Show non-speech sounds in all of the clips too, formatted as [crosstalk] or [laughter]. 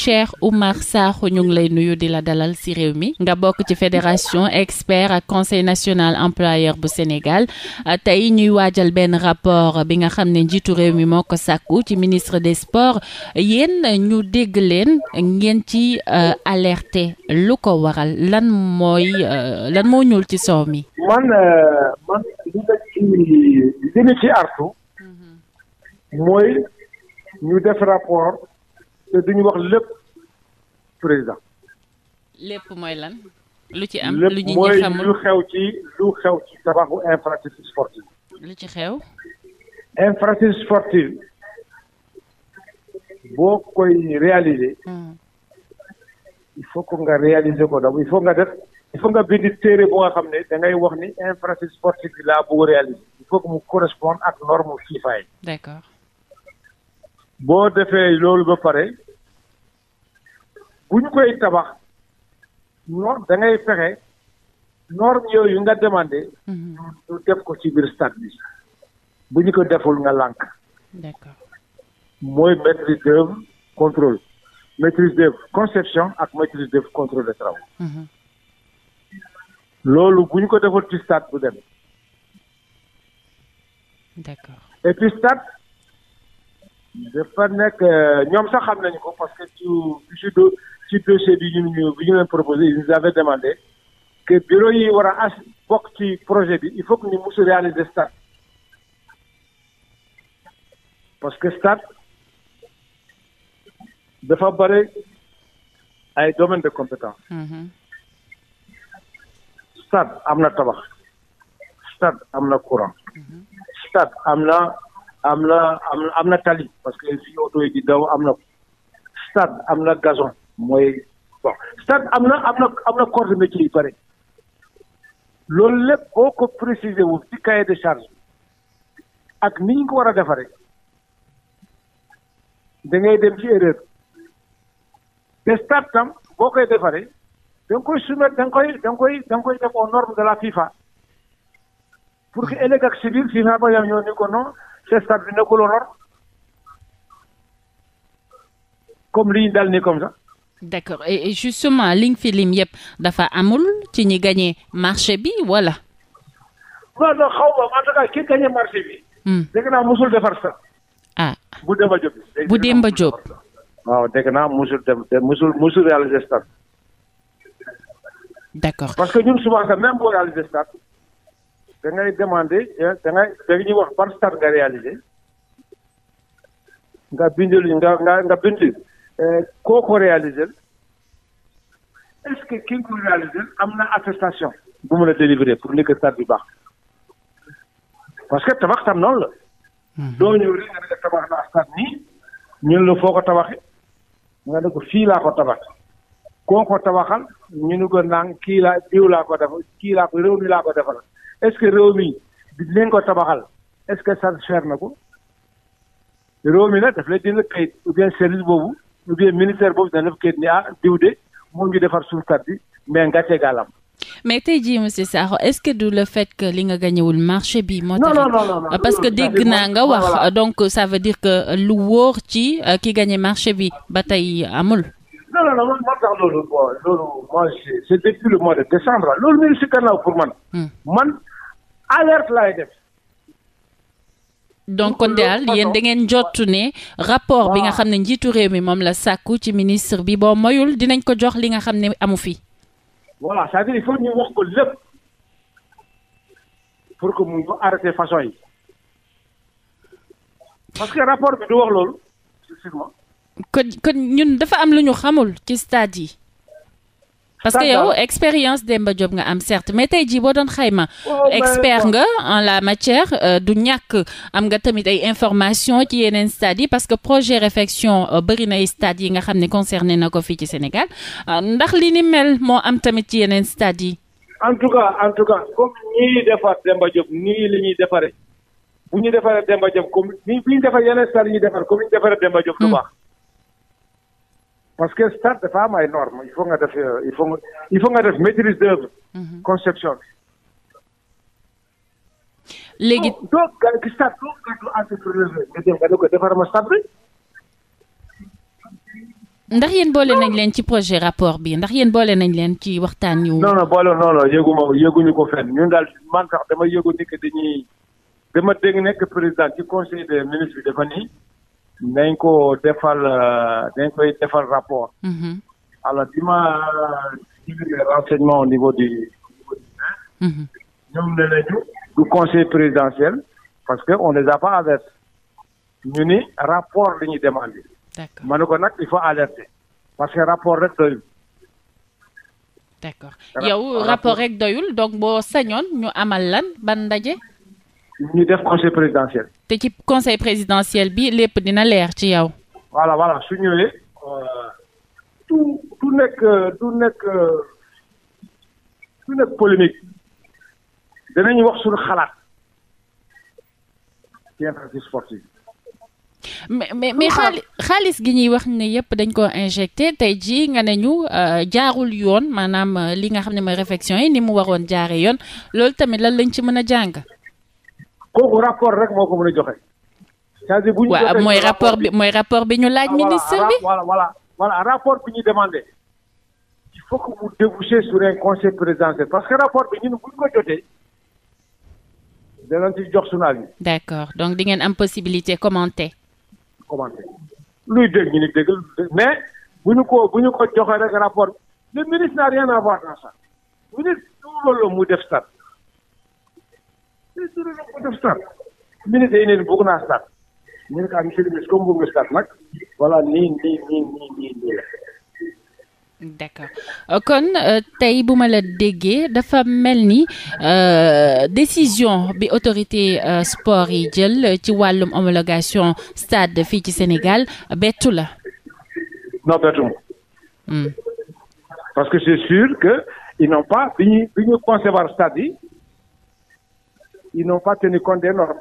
Cheikh Oumar Sakho ñu ngi lay nuyu di la dalal ci réew mi nga bokk ci fédération expert ak conseil national employeur bu Sénégal euh, tey ñuy waajal benn rapport bi nga xam ne njiitu réew mi moo ko sàkku ci ministre des sports yéen ñu dégg leen ngeen ci euh, alerter lu ko waral lan mooy euh, lan moo ñuul ci soow mi. Mhm. mooy ñu def rapport. te duñu wax lépp président. lépp mooy lan. lu ci am lu ñu mooy lu xew ci lu xew ci tabaxu infrastructure sportive. lu ci xew. infrastructure sportive boo koy réaliser. Hmm. il faut que nga réaliser ko donc il faut nga def. il faut nga bind téere bu nga xam ne da wax ni infrastructure sportive bi laa bëgg réaliser il faut que mu correspondre ak norme FIFA yi. d'accord. boo defee loolu ba pare. bu ñu koy tabax norme da ngay fexe norme yooyu nga demandé. Mhm. ñu def ko ci biir stade bi. bu ñu ko deful nga lànk. d'accord mooy maîtrise d'œuvre contrôle maîtrise d'œuvre conception ak maîtrise d'œuvre contrôle des travaux. Mhm. loolu bu ñu ko deful ci stade bu dem. d'accord et stade. dafa nekk euh, ñoom sax xam nañu ko parce que ci ci ci dossier bi ñu ñu bi ñu leen proposé ils nous avaient demandé que bureau yi war a as bokk ci projet bi il faut que ñu musu réaliser stade parce que stade dafa bare ay domaine de compétence mm-hmm. stade am na tabax stade am na courant mm-hmm. stade am na am na am am na tali parce que fii oto yi di daw am na stade am na gazon mooy bon stade am na am na am na corps de métier loolu lépp boo ko préciser wu ci cahier de charge ak ni ñu ko war a defaree da ngay dem ci erreur te stade tam boo koy defaree da nga koy soumettre da nga koy da nga koy da nga koy def aux normes de la FIFA pour que ëllëg ak si biir FIFA ba yam ñoo ni ko non stade bi nekkul lor comme li ñu dal nii comme ça. d'accord et justement liñ fi lim yëpp dafa amul ci ñi gagné marché bi wala. non non xaw ma en hmm. ah. bu Demba Diop. bu waaw dégg musul dem musul musul réaliser stade. d'accord parce que ñun souvent sax même boo réaliser stade. da ngay demander eh, da ngay dañuy wax ban stade nga réalisé nga bindil nga nga nga bindil eh, koo ko réalisé est-ce que ki ko réalisé am na attestation bu mu la délivrer pour ni que stade bi baax parce que tabax tam noonu la. Mhm. doo ñëw rek nga ne tabax naa stade nii ñun la foo ko tabaxee nga ne fii laa ko tabax koo ko tabaxal ñu nu ko naan kii laa jiw ko defal kii laa ko réew mi laa ko defal. est-ce que réew mi dinañ ko tabaxal est-ce que ça cher na ko réew mi nag daf lay dina kayit ou bien service boobu ou bien ministère boobu dana def kayit ni ah diw de moo ngi defar suuf kat bi mais ngàcce gàllam. mais tey jii monsieur Sakho est-ce que du le fait que li nga gañewul marché bi. moo tax parce que dégg naa nga wax donc ça veut dire que lu wóor ci euh, ki gañe marché bi ba tey amul. loolu mois de décembre loolu mooy si gannaaw pour man. Hmm. man alerte laay donc kon daal yéen da ngeen jottu ne rapport bi nga xam ne njiitu réew mi moom la sàkku ci ministre bi boo moyul dinañ ko jox li nga xam ne amu fi. voilà c'est-à-dire ko lépp pour que façon yi parce que rapport bi du wax loolu. kon kon ñun dafa am lu ñu xamul ci stade yi. parce que yow expérience Demba Diop nga am certes mais tey jii boo doon xayma oh, expert nga en la matière euh, du ñàkk am nga tamit ay information ci yeneen stades yi parce que projet réfection euh, bëri na ay yi nga xam ne concerné na ko fii ci Sénégal euh, ndax li ni mel moo am tamit ci yeneen stades yi en tout cas en tout cas comme ñii defar Demba Diop nii li ñuy defare bu ñu defaree Demba Diop comme ni ñu yeneen stades yi defar comme ni ñu Demba Diop du hmm. parce que stade dafa am ay normes il faut nga def il faut nga il faut def maîtrise d'œuvre mhm. conception bi. léegi doo gàllankoor bi. ndax yéen boole nañ leen ci projet rapport bi ndax yéen boole nañ leen ci waxtaan yu. non non boole non non yëgu ma yëguñu ko fenn daal man sax dama yëgu ni que dañuy dama dégg nekk président ci conseil des ministres bi dañ ko defal euh, dañ koy defal rapport. Mm-hmm. alors bi ma jëlee renseignement au niveau du. Mm-hmm. ñoom ne nañu du conseil présidentiel parce que on les a pas avertis ñu ni rapport li ñu demandé. d'accord ma ne ko nag il faut alerter parce que rapport rek doyul. d'accord yow rapport rek doyul donc boo sañoon ñu amal lan ban ndaje. ñu def conseil présidentiel. te ci conseil présidentiel bi lépp dina leer ci yow. voilà voilà su ñëwee. Euh, tout nekk du nekk du nekk polémique wax suñu xalaat mais mais mais xaalis gi ñuy wax ne yëpp dañ ko injecté tey jii nga ne ñu euh, jaarul yoon maanaam euh, li nga xam ne mooy réflexion yi ni mu waroon jaare yoon loolu tamit lan lañ ci mën a jàng. kooku rapport rek moo ko mën a joxe. c'est-à-dire bu ñu joxee mooy rapport bi mooy rapport bi ñu laaj. Ah, ministre bi wala voilà voilà rapport bi ñu demandé. il faut que mu déboucher sur un conseil présidentiel parce que rapport bi ñun bu ñu ko jotee. danañ ci jox suñu avis. d'accord di ngeen am possibilité commenter. luy dégg ñu ni dégg mais bu ñu ko bu ñu ko joxee rek rapport bi le ministre rien à voir dans ça ministre loolu la mu def sax. dina doon ko def stade minute yi ne bëgg naa stade ñu ko ah monsieur le nag voilà nii nii nii nii nii nii la. d'accord kon tey bu ma la déggee dafa mel ni décision bi autorité sport yi jël ci wàllum homologation stade fii ci Sénégal bettu la. non bettu ma. parce que c'est sûr que ils n'ont pas bi ñuy bi ñuy concevoir yi. ils n'ont pas tenu compte des normes.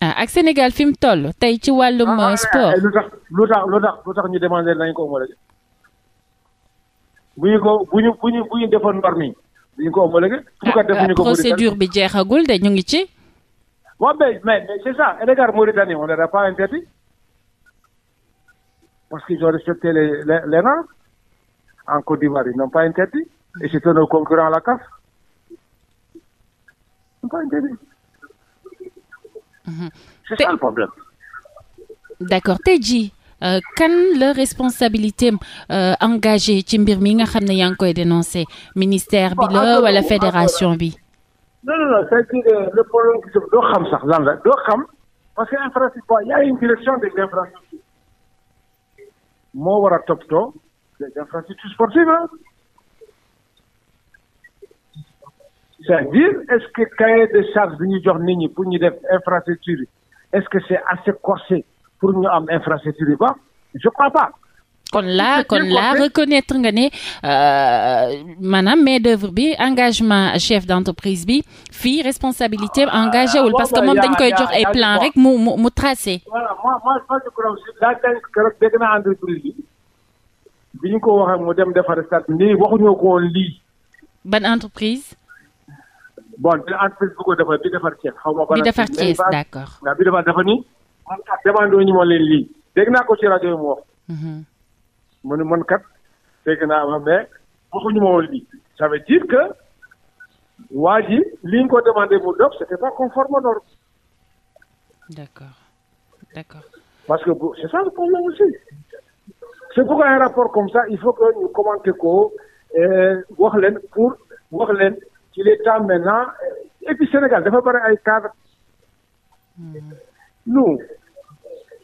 ah ak Sénégal fi mu toll tey ci wàllum. Ah, euh, sport eh, lu tax lu tax lu tax lu tax ñu demandé nañ ko homologué bu ñu ko bu ñu bu ñu bu ñu defoon norme yi du ñu ko homologué. pourquoi ah, defuñu ko euh, procédure bi jeexagul de ñu ngi ci. waaw mais mais c'est ça Sénégal Mauritanie on n'aurait pas interdit parce qu'ils ont respecté les les les normes en Côte d'Ivoire ils n'ont pas interdit et c'était nos concurrents à la CAF ils n'ont pas interdit. c'est ça le problème. d'accord tey jii kan la responsabilité euh, engagé ci mbir mi nga xam ne yaa ngi koy dénoncé ministère bi la ah, ah, wala ah, fédération bi. non non non c'est-à-dire le problème doo xam sax lan la doo xam parce une direction des infrastructures moo war a toppatoo les infrastructures sportives c'est-à-dire est-ce que cahier de charge bi jox nit ñi pour ñu def infrastructure yi est-ce que c'est assez corsé pour ñu am infrastructure yi ba je crois pas. kon laa kon laa reconnaître nga ne euh, maanaam main d'œuvre bi engagement chef d'entreprise bi fii responsabilité ah, engagé wul ah, parce que moom dañ koy jox ay plan rek mu mu mu tracé. voilà ñu ko waxee mu dem defar stade nii waxuñoo ko woon entreprise. bon bi entreprise bu ko bi defar Thiès xaw bi defar Thiès d'accord. waaw bi defar dafa ni. man wu ñu leen lii. dégg naa ko ci rajo yi mu wax. Mm-hmm. mu ne man kat dégg naa ma mais waxuñu ma lii. ça veut dire que waa ji li ko demandé mu dox c'était pas conforme à l'ordre. d'accord d'accord. parce que c'est ça le problème aussi. c'est pourquoi un rapport comme ça il faut que ñu commenter ko euh, wax leen pour wax leen. il est temps maintenant et puis Sénégal dafa bari ay cadres hmm. nous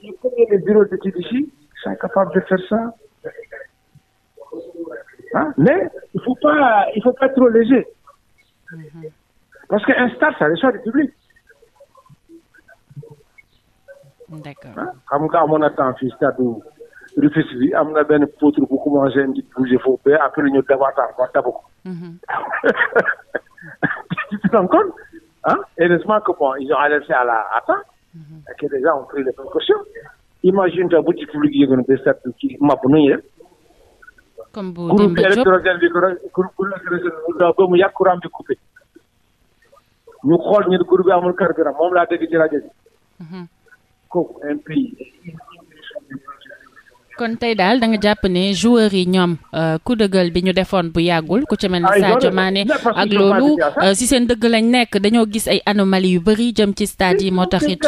il faut que les bureaux d'études ici soient capables de faire ça ah mais il faut pas il faut pas trop léger hmm. parce que un stade ça reçoit du public. d'accord xam nga amoon na temps fii stade Rufisque bi am na benn poutre bu commencé di bouger foofu ba après ñu dabaataat ba dabu ko. Mm-hmm. [laughs] tu te rends compte hein Heureusement que bon, ils ont alerté à la à temps, et que les gens ont pris les précautions. Imagine toi bu ci public yëgoon ba set ci map nu ñuy def. comme bu Demba Diop électrogène bi groupe électrogène bi daw ba mu yàgg courant bi coupé. ñu xool ñu groupe bi amul carburant moom laa dégg ci rajo bi. Mm-hmm. un pays kon tey daal danga jàpp ne joueurs yi ñoom ku euh, dëggal bi ñu defoon bu yàggul ku ci mel ne ah, Sadio ak loolu euh, si seen dëgg lañ nekk dañoo gis ay anomalies yu bëri jëm ci stade yi moo tax it.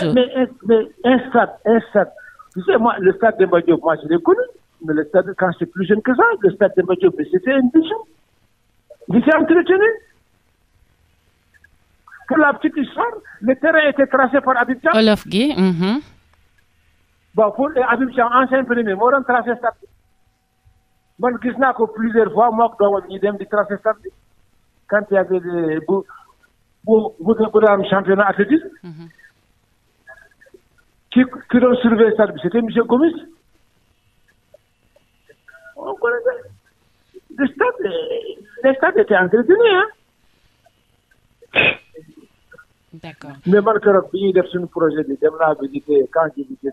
mais la petite histoire le terrain était tracé par Habib Thiam. olof gi. bon pour Habib Thiam ancien premier moo doon tracé stade bi man gis naa ko plusieurs fois moo ko dem di tracé stade bi quand y avait des bu bu bu bu daan championnat athlétisme mhm. ki ki doon surveiller stade bi c'était monsieur Gomis on connaît le stade le stade était entretenu hein d'accord mais man keroog bi ñuy def suñu projet bi dem naa visiter quand j'ai visité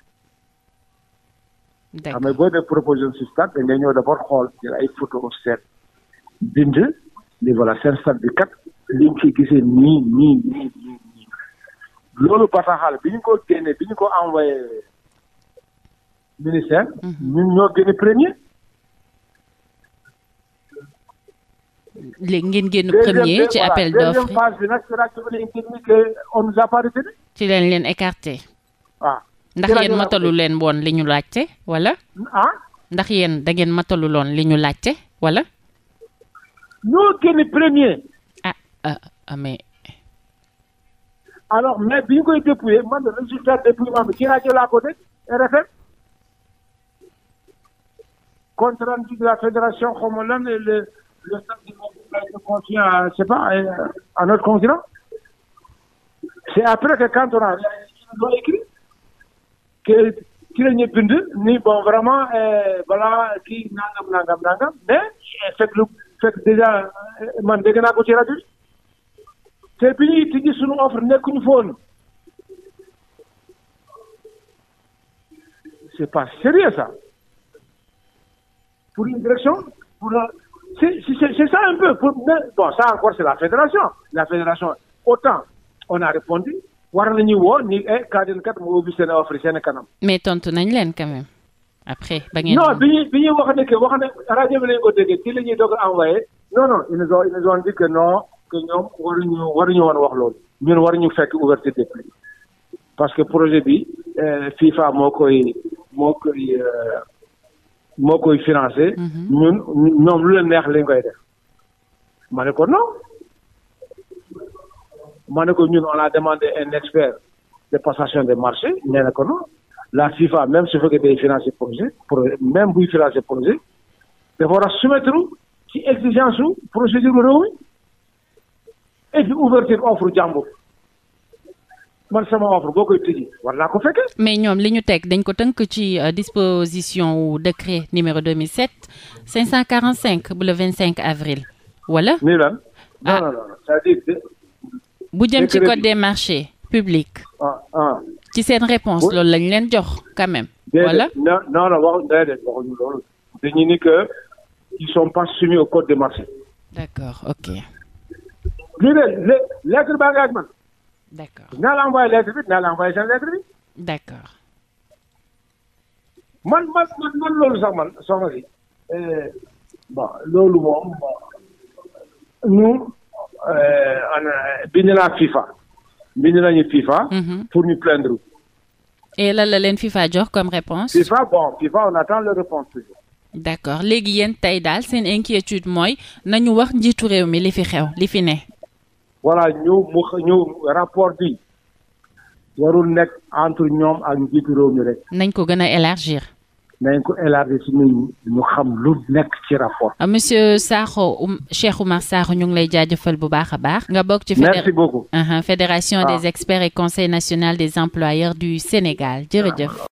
xam ne boo def proposition si stade da ngay ñëw d'abord xool jël ay photo seet bind ni voilà seen liñ ci gisee nii nii nii nii nii loolu bataaxal bi ñu ko génnee bi ko envoyé ministère mhm. ñun ñoo génne premier léegi ngeen génn premier ci appel d'offre bi nag c'est euh, ci leen leen écarté ah. ndax yéen matalu leen woon li ñu laajte wala. ah. ndax yéen da ngeen matalu loon li ñu laajte wala. ñoo génn premier. ah ah mais. mais bi ñu koy dépouiller man le résultat dépouillement bi ci rajo laa ko dégg RFM. compte rendu de la fédération xaw lan le le staff du monde confié à je sais après que quand on a écrit. que ki la ñu bind ni bon vraiment balaa eh, kii nangam nangam nangam mais eh, fekk lu fekk déjà eh, man dégg naa ko ci rajo te bi ñuy tijji suñu offre nekkuñu foon c'est pas sérieux ça pour une direction pour la c'est c'est c'est ça un peu pour bon ça encore c'est la fédération la fédération autant on a répondu war ñuy woo ni eh kaa den kat mu ubbi seen offre seen kanam. mais tontu nañ leen quand même après. ba non bi ñuy bi ñuy wax ne que wax na rajo bi lañ ko déggee ci la ñuy a envoyé. non non ils nous ont ils nous ont dit que non que ñoom waruñu waruñu woon wax loolu. ñun waruñu fekk ouverture des parce que projet bi euh, FIFA moo koy moo koy euh, moo koy financé. Mhm. ñun ñoom lu leen neex lañ koy def. ma ne ko non. ma ne ko ñun on a demandé un expert de passation de marché nee na ko non la FIFA même su fekkee day financer projet projet même buy financer projet dafa war a soumettre ci exigence su procédure réew mi et puis ouverture offre jàmbur man sama offre boo koy tëjee war ko fekkee. mais ñoom li ñu teg dañ ko tënk ci euh, disposition wu décret numéro 2007 545 bu le 25 avril wala. Voilà. nii lan ah. non non non c'est-à-dire bu jëm ci code des marchés publics. Ah, ah. ci seen réponse loolu lañ leen jox quand même. voilà non non non wax déedéet waxuñu loolu. dañu ni que ils sont pas soumis au code des marchés. d'accord ok. lii de lettre baa Euh, bind naa FIFA bind nañu FIFA. Mhm. pour ñu plaindre. et lan la leen FIFA jox comme réponse FIFA bon FIFA on attend leur réponse toujours. d' accord léegi yéen tey daal seen inquiétude mooy nañu wax njiitu réew mi li fi xew li fi ne. voilà ñu mu ñu rapport bi warul nekk entre ñoom ak njiitu réew mi rek. nañ ko gën a élargir. nañ lu ah, monsieur Sakho um, Cheikh Oumar Sakho ñu ngi lay jaajëfal bu baax a baax. nga bokk ci fédération merci beaucoup. Uh-huh, ah. des experts et conseil national des employeurs du Sénégal jërëjëf.